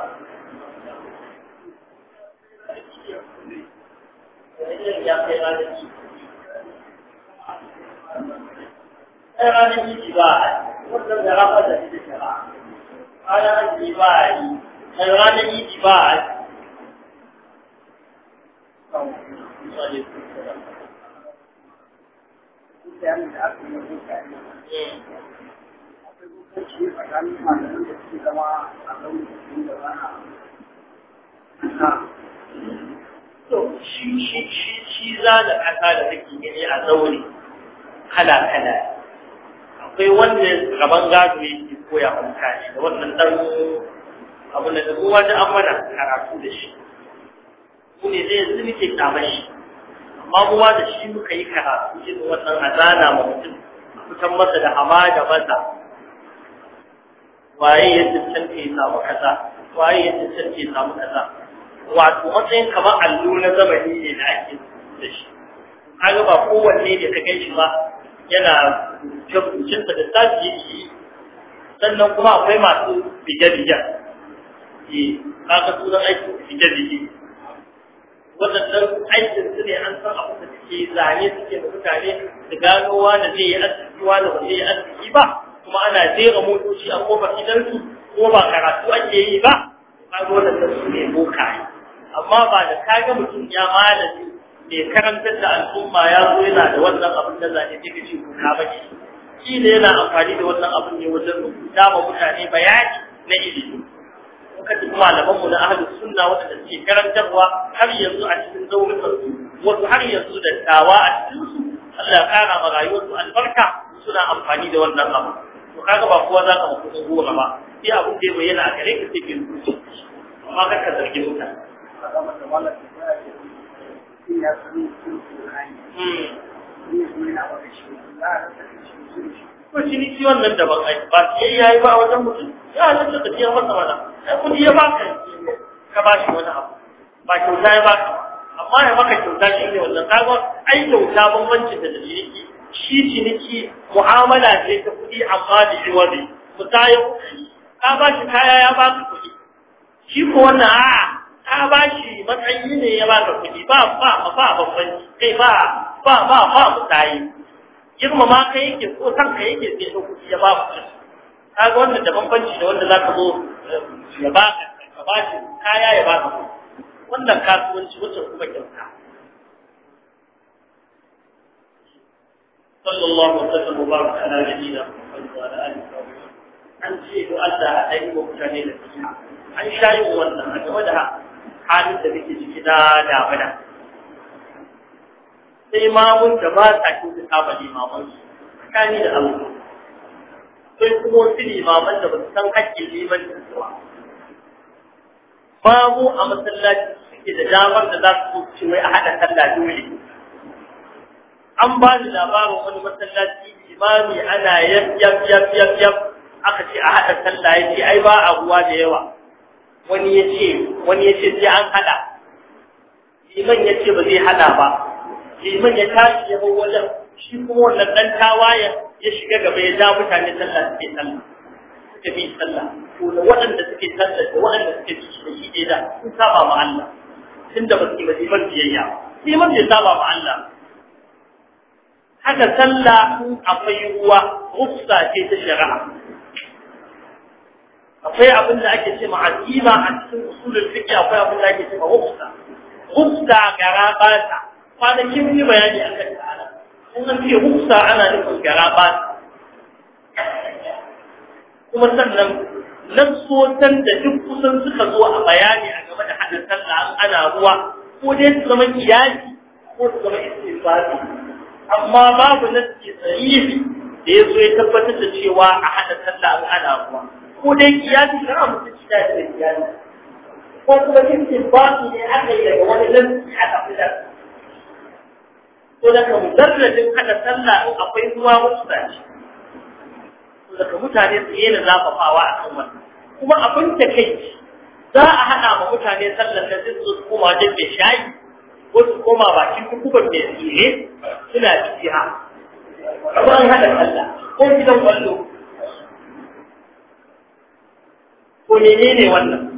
ya ba a wannan yi, shi shi shi shi zana ƙasa da take gani a zaune kala kala akwai wanda gaban gado yake koya wa shi, da wannan dan abu da kowa da an karatu da shi ku zai yanzu nake kama shi amma da shi muka yi karatu irin wannan azana ma mutum kusan masa da hamada masa waye ya cancanta ya samu kaza waye ya cancanta ya samu kaza wato matsayin kamar allo na zamani ne da ake da shi kaga ba kowanne da ka ganshi ba yana rubuce da tafi yake sannan kuma akwai masu bige-bige eh kaga sunan aiki bige-bige waɗannan aikin su ne an san abin da suke zane suke da mutane da gano wani zai yi arziki wani ba yi arziki ba kuma ana jera motoci a kofar gidansu ko ba karatu ake yi ba gano waɗannan su ne boka amma ba da kaga mutum ya malami mai karantar da al'umma ya zo yana da wannan abin da zane zai ga shi ba ne shi ne yana amfani da wannan abin ne wajen rubuta ma mutane bayani na ilimi suka tafi malamanmu na ahlus sunna wanda suke karantarwa har yanzu a cikin zaurukan wasu har yanzu da tawa a cikin su Allah kara ma rayuwarsu albarka suna amfani da wannan abu to kaga ba kowa za ka mutu da ba sai abin da ya bayyana gare ka sai ke rubuce amma kar ka zargi mutane Mm. ko shi ki wannan da ban aiki. ba sai yayi ba wajen mutum ya halatta ka biya masa mana ai kudi ya baka ka ba shi wani abu ba kyauta ya baka amma ya maka kyauta shi ne wannan kaga ai kyauta bambanci da ciniki shi ciniki mu'amala ce ta kuɗi amma da shi wani. iwabi musayin ka ba shi kaya ya baka kuɗi. shi ko wannan a'a ka ba shi matsayi ne ya baka kuɗi ba ba ba bambanci kai ba ba ba ba mutayi girmama ka yake ko san ka yake sai so kuɗi ya ba ku ga wanda da bambanci da wanda zaka zo eh, ya ba ka ka ba shi kaya ya ba ka wannan kasuwanci wacce kuma kyauta sallallahu alaihi wasallam mubarak ala nabiyina muhammad wa ala alihi wa sahbihi an ce to Allah a dai ko mutane da an shayi wannan a game da halin da muke ciki da damuna sai mamun da ba sa kyautata ba limaman su tsakani da Allah sai kuma wasu limaman da ba su san hakkin liman da ba babu a masallaci suke da damar da za su zo mai a haɗa sallah dole an ba ni labarin wani masallaci limami ana yaf yaf yaf yaf yaf aka ce a haɗa sallah ya ce ai ba a ruwa da yawa wani ya ce wani ya ce sai an haɗa liman ya ce ba zai haɗa ba liman ya tashi ya bar wajen shi kuma wannan dan tawaye ya shiga gaba ya ja mutane sallah suke sallah suke bi sallah to da waɗanda suke sallah da waɗanda suke bi da shi ɗaya da sun saba ma Allah tunda ba su yi liman biyayya liman bai saba ma Allah haka sallah akwai ruwa rufsa ce ta shari'a akwai abin da ake ce ma'azima a cikin usulul fiqh akwai abin da ake ce ma rufsa rufsa garabata kwanakin yi bayani a kan ta'ala in an ce ruksa ana nufin garaba kuma sannan nassotan da duk kusan suka zo a bayani a game da hadin sallah ana ruwa ko dai su zama iyali ko su zama istifadi amma babu nassi sahihi da ya zo ya tabbatar da cewa a hada sallah ana ruwa ko dai a mutum shi da iyali. ko kuma istifati ne aka yi daga wani nassi aka fitar ko da ka mujarradin sallah in akwai ruwa wasu ce ko da mutane tsaye da zafafawa a kan wannan kuma abin da kai za a haɗa ma mutane sallar da zai su koma wajen mai shayi ko su koma bakin kukuban mai tsire suna jiha kuma an haɗa sallah ko gidan kwallo ko menene wannan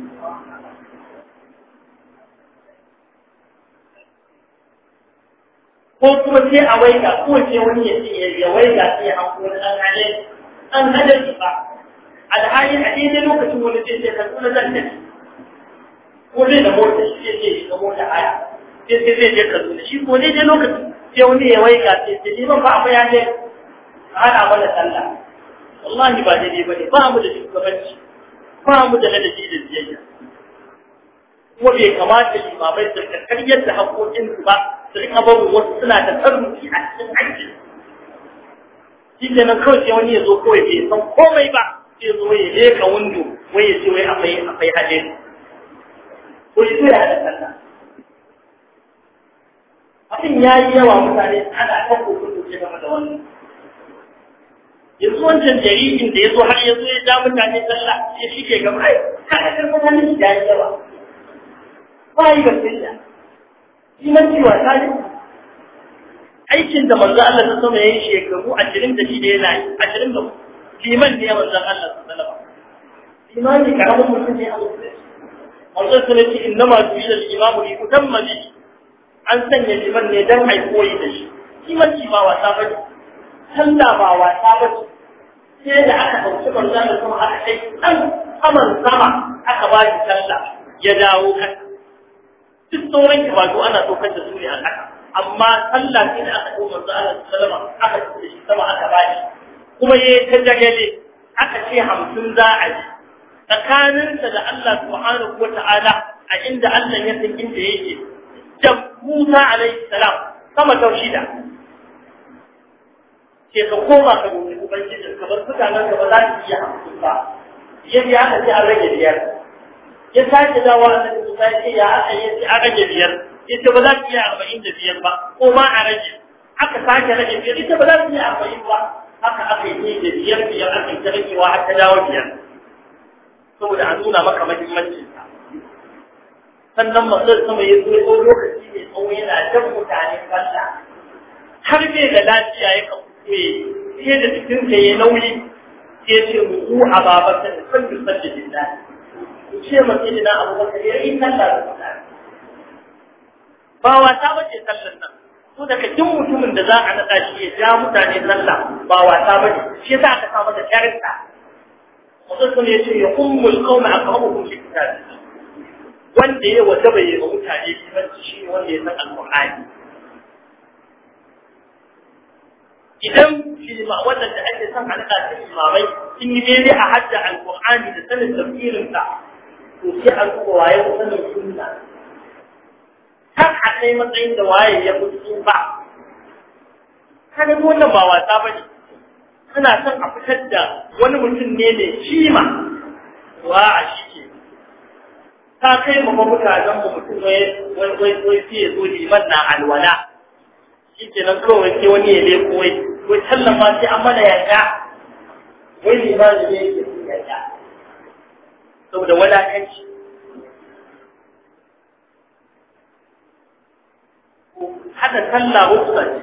ko kuma sai a waiga ko sai wani ya ce ya waiga sai ya hanko wani an hajjari an hajjari ba alhali a daidai lokacin wani ce ce ka tsuna zan tafi ko zai da mota shi zai ce shi da mota haya sai sai zai je kaduna shi ko daidai lokacin sai wani ya waiga sai sai liman ba ya bayanin hana mana sallah wallahi ba daidai ba ne ba mu da shugabanci ba mu da ladabi da biyayya kuma bai kamata limamai da karkaryar da haƙoƙinsu ba su rika babu wasu suna da tsarnuki a cikin aiki. shi ke nan kawai sai wani ya zo kawai bai san komai ba sai zo ya leka wando wai ya ce wai akwai akwai hadin ko shi ya haɗa sallah abin ya yi yawa mutane ana kan da ce game da wani. yanzu wancan jaririn da ya zo har ya zo ya ja mutane sallah ya shi ke gaba ai ka ga mutane da yawa ba yi ba sai limanci wasa ne aikin da manzo Allah ta sama yayin shekaru 20 da shi da yana yi 20 da liman ne manzo Allah sallallahu alaihi wasallam limani karamin mutum ne a musulunci manzo sallallahu alaihi wasallam innama tu'ila al-imam li yutamma bi an sanya liman ne dan ai koyi da shi limanci ba wasa ba ne sallah ba wasa ba sai da aka dauki manzo Allah kuma aka kai Dan aman sama aka ba shi ya dawo kasa duk sauran ibadu ana dokar da su ne a ƙasa amma sallah sai da aka ko manzo Allah sallama aka ce shi sama aka bani kuma yayi ta jagale aka ce hamsin za a yi tsakaninsa da Allah subhanahu wata'ala a inda Allah ya san inda yake da Musa alaihi salam sama taushida ke ka koma ka gobe ubangijin kamar mutanen ka ba za su iya hamsin ba yadda aka ce an rage biyar ya sake dawa annabi Musa ya ce ya aka yi a rage biyar ita ba za ta iya arba'in da biyar ba ko ma a rage aka sake rage biyar ita ba za ta iya arba'in ba haka aka yi da biyar biyar aka yi ta ragewa har ta dawo biyar saboda a nuna maka mahimmancin ta sannan masu sama ya zo ko lokaci mai tsawo yana jan mutane sallah har bai da lafiya ya kan kuɗe sai da jikinsa ya nauyi sai ce mu a babar da kan yi sallah ce ma sai na abu bakar ya yi sallah ba wasa ba ce sallar nan ko daga duk mutumin da za a naɗa shi ya ja mutane sallah ba wasa ba ne shi yasa aka samu da Wasu mutum ya ce ya kummul kauma a kawo hukunci kitabi wanda ya wata bai yi mutane limanci shi wanda ya san alƙur'ani idan lima wannan da ake san halka ta limamai in yi daidai a al-Qur'ani, da sanin tafsirinsa to sai a duba waye sanin sunna har a kai matsayin da waye ya fi tsufa kaga duk wannan ba wasa ba ne Kana son a fitar da wani mutum ne mai shima. wa a shi ke ta kai mu ba mutanen mu mutum wai wai wai sai ya zo liman na alwala shi ke nan kawai sai wani ya leko wai wai tallafa sai an mana yarda wai liman ne yake yarda saboda wadatanci haka sallah rukusa ce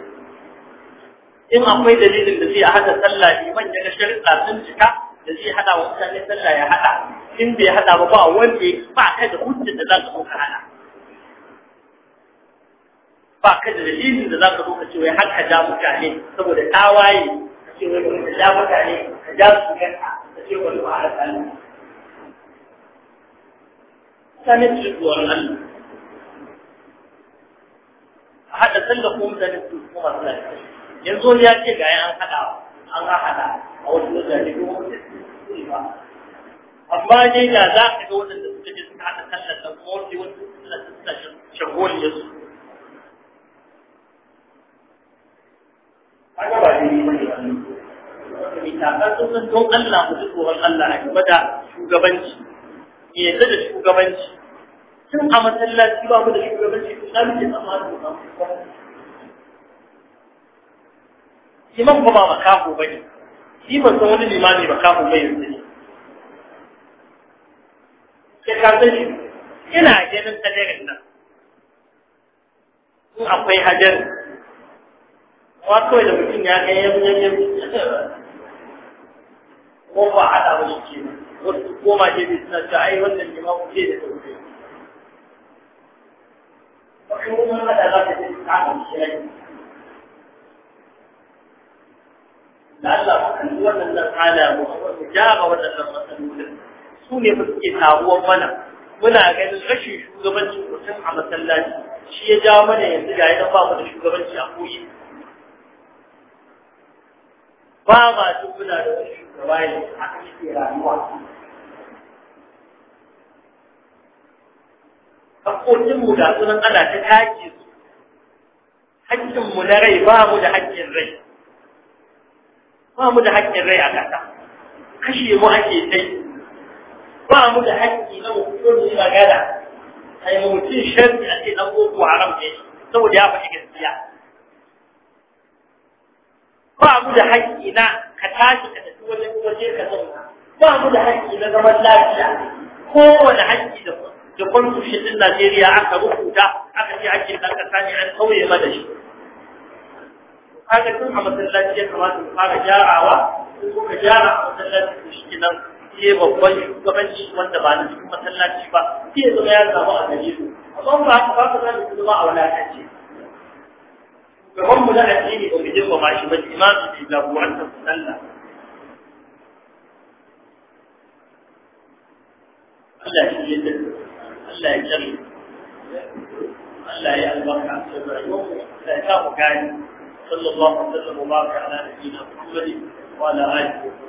in akwai dalilin da zai haka sallah liman ya ga sharuɗa sun cika da zai hada wa mutane sallah ya hada in bai hada ba ba wanda ba ka da hujjar da za ka zo ka hada ba ka da dalilin da za ka zo ka ce wai har ka ja mutane saboda tawaye ka ce wai ka ja mutane ka ja su ka ce wani ba a mutane su ji tsoron Allah a haɗa sallah ko mutane su kuma suna yanzu ya ce ga an haɗa an haɗa a wasu amma dai da za ka ga waɗanda suka je suka haɗa sallah da kuma wasu wasu suna suna shagoliyar su haka ba dai ba ne ba sun don Allah mu Allah a game da shugabanci, yadda da shugabanci, tun a masallaci ba ku da shugabanci ko na muke tsammanin mu samu imam ba makaho ba ne shi ban san wani ba makaho mai yanzu ne ya shi, ina ganin tsaderin nan in akwai hajar kawai da mutum ya kai yanzu yam yanzu ko ba a hada shi ke ko ma ke bi suna ta ai wannan limamu ke da tausayi in za gyara waɗannan matsalolin su ne suke taruwar mana muna ganin rashin shugabancin mutum a masallaci shi ya ja mana yanzu ga yadda ba mu da shugabanci a koyi ba ma duk muna da wani shugaba ne a kan shi rayuwa haƙoƙin mu ga sunan ana ta take su haƙƙin mu na rai ba mu da haƙƙin rai ba mu da haƙƙin rai a ƙasa kashe mu ake kai. ba mu da haƙƙi na mu fito mu yi magana ai mu mutum sharri ake dan boko haram ne saboda ya faɗi gaskiya ba mu da haƙƙi na ka tashi ka tafi wajen waje ka zauna ba mu da haƙƙi na zaman lafiya kowane haƙƙi da kuma da constitution din Najeriya aka rubuta aka ce ake dan kasa ne an kauye mana shi kaga tun a masallaci ya kamata mu fara jarawa ko ka jara a masallaci ko shi nan ke babban shugabanci wanda ba na cikin masallaci ba ke zama ya zama a gari su amma ba haka ba ka zama kuma a wulakanci gaban mu na addini ba mu je ba shi ba imani da jagorantar sallah Allah shi ya Allah ya kare Allah ya albarka a cikin rayuwar Allah ya sa mu gani sallallahu alaihi wa sallam wa baraka ala nabiyyina Muhammad wa ala alihi wa